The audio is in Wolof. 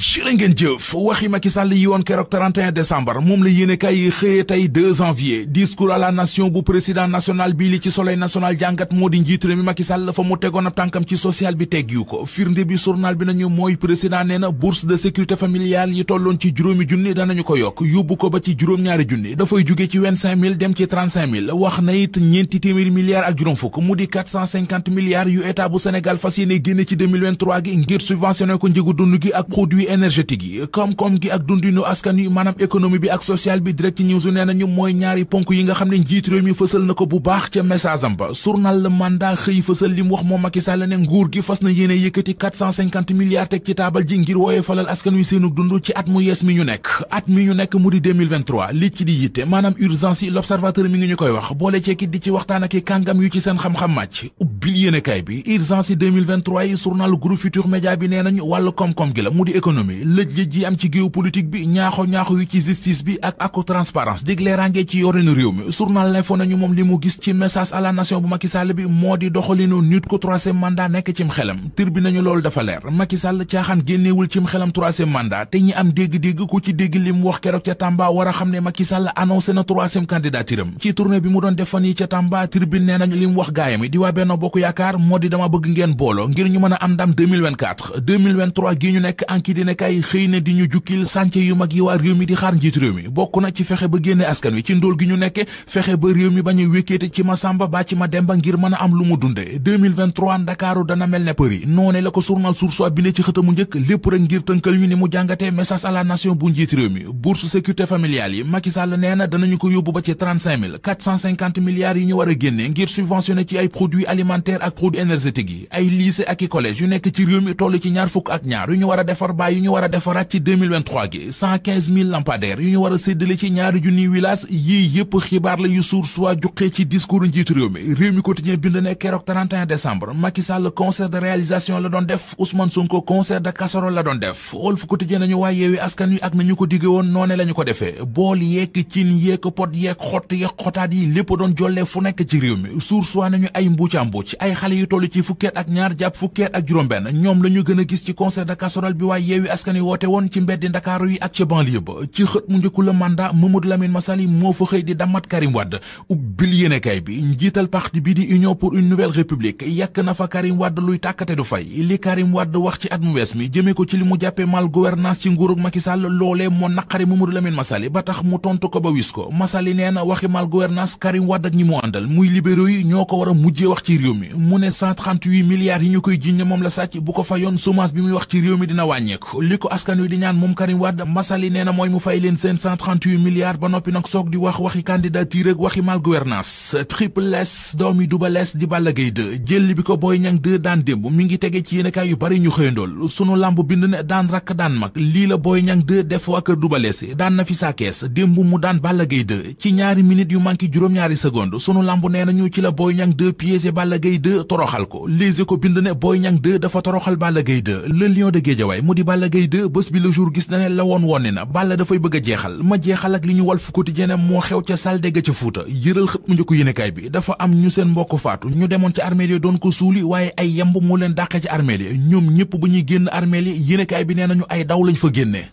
jërë ngeen jëf waxi yi woon keroog 31 décembre moom la yéene kay xëye tey 2 janvier discours à la nation bu président national bi li ci soleil national jàngat moo di njiit réew mi Macky fa mu tegoon ab tànkam ci social bi teg yu ko firnde bi journal bi nañu mooy président nee na bourse de sécurité familiale yi tolloon ci juróomi junni danañu ko yokk yóbbu ko ba ci juróom-ñaari junni dafay jóge ci 25000 dem ci 35000 wax na it ñeenti téeméeri milliards ak juróom fukk mu di 450 milliards dund gi ak énergétique yi koom-koom gi ak dundinu askan yi maanaam économie bi ak sociale bi direct news nee nañu mooy ñaari ponk yi nga xam ne njiit réew mi urgence l'observateur mi ngi ñu koy wax boole ceekit di ci waxtaan ak i yu ci seen xam-xam màcc ubbil yéenekaay bi urgence yi 2023 yi Futur Média bi nee nañu wàllu koom-koom gi la mu di économie économie lëj-lëj yi am ci géopolitique bi ñaaxo-ñaaxo yu ci justice bi ak aku transparence dig leeraange ci yorinu réew mi journal l'info nañu moom li mu gis ci message à la bu Macky bi moo di doxalinu nit ko troisième nekk cim xelam tir nañu loolu dafa leer Macky caaxaan génneewul cim xelam troisième te ñi am dégg-dégg ku ci dégg li mu wax keroog ca Tamba war a xam ne Macky Sall na troisième candidature ci tournée bi mu doon def ca Tamba yéenekaay yi xëy na di ñu jukkil sànce yu mag yi waa réew mi di xaar njiit réew mi bokk na ndakaaru dana mel ne Paris noone la ko journal Source A binde ci xëtamu njëkk lépp rek ngir tënkal ni mu jàngatee message à nation bu njiit réew mi bourse sécurité familiale yi Macky nee na danañu ko yóbbu ba ci milliards yi ñu war a génne ngir subventionné ci ay produits alimentaires ak produits énergétiques yi ay lycée ak i collège yu nekk ci réew mi toll ci ñaar fukk ak ñaar yu ñu war a defar bàyyi yu ñu war a defaraat ci 2023 gi 115000 yu ñu war a séddale ci ñaari junniy wilaas yii yëpp xibaar la yu suur soit juqee ci discours njiitu réew mi réew mi quotidien bind ne keroog 31 décembre Macky Sall concert de réalisation la doon def Ousmane ko concert de casserole la doon def Walf Quotidien nañu waa Yewwi Askan Wi ak nañu ko digge woon noone la ñu ko defee bool yeek cin yeek pot yeek xott yeek xotaat yi lépp doon jollee fu nekk ci réew mi suu soit nañu ay mbuuca mbuuc ay xale yu toll ci fukkeet ak ñaar jàpp fukkeet ak juróom benn ñoom la ñu gën gis ci concert de yeewi askan wi woote woon ci mbeddi ndakaaru yi ak ci banlieue ba ci xët mu njëkku la mandat Mamadou Lamine Massaly moo fa xëy di damat Karim Wade ubbil yéenekaay bi njiital parti bi di union pour une nouvelle république yàkk na fa Karim Wade luy tàkkate du fay li Karim Wade wax ci at mu wees mi jëmee ko ci li mu jàppee mal gouvernance ci nguurug Macky loolee moo naqari Mamadou Lamine Massaly ba tax mu tontu ko ba wis ko Massaly nee na waxi mal gouvernance Karim a mujjee wax ci réew mi li ko askan wi di ñaan moom Karim Wade Massaly nee na mooy mu fay leen seen 138 ba noppi nag soog di wax waxi candidature ak waxi malgouvernance triple S doomi Double Less di Balla Gaye 2 jël bi ko booy Niang 2 daan démb mi ngi tege ci yéenekaay yu bari ñu xëyandool sunu lamb bind ne daan rakk daan mag lii la booy Niang 2 def waa kër Double Less daan na fi saakees démb mu daan Balla Gaye 2 ci ñaari minutes yu manqué juróom-ñaari seconde sunu lamb nee na ñu la Boy Niang 2 piégé Balla Gaye 2 ko bind ne Boy Niang 2 dafa toroxal Balla Gaye 2 le la Gaye 2 bés bi le jour gis na ne la woon woon na Balla dafay bëgg a jeexal ma jeexal ak li ñu Walf Quotidien moo xew ca Saldé ga ca Fuuta yëral xët mu njëkk yéenekaay bi dafa am ñu seen mbokk faatu ñu demoon ci armeel yi doon ko suuli waaye ay yamb moo leen dàqe ci armeel yi ñoom ñëpp bu ñuy génn armeel yi yéenekaay bi nee nañu ay daw lañu fa génne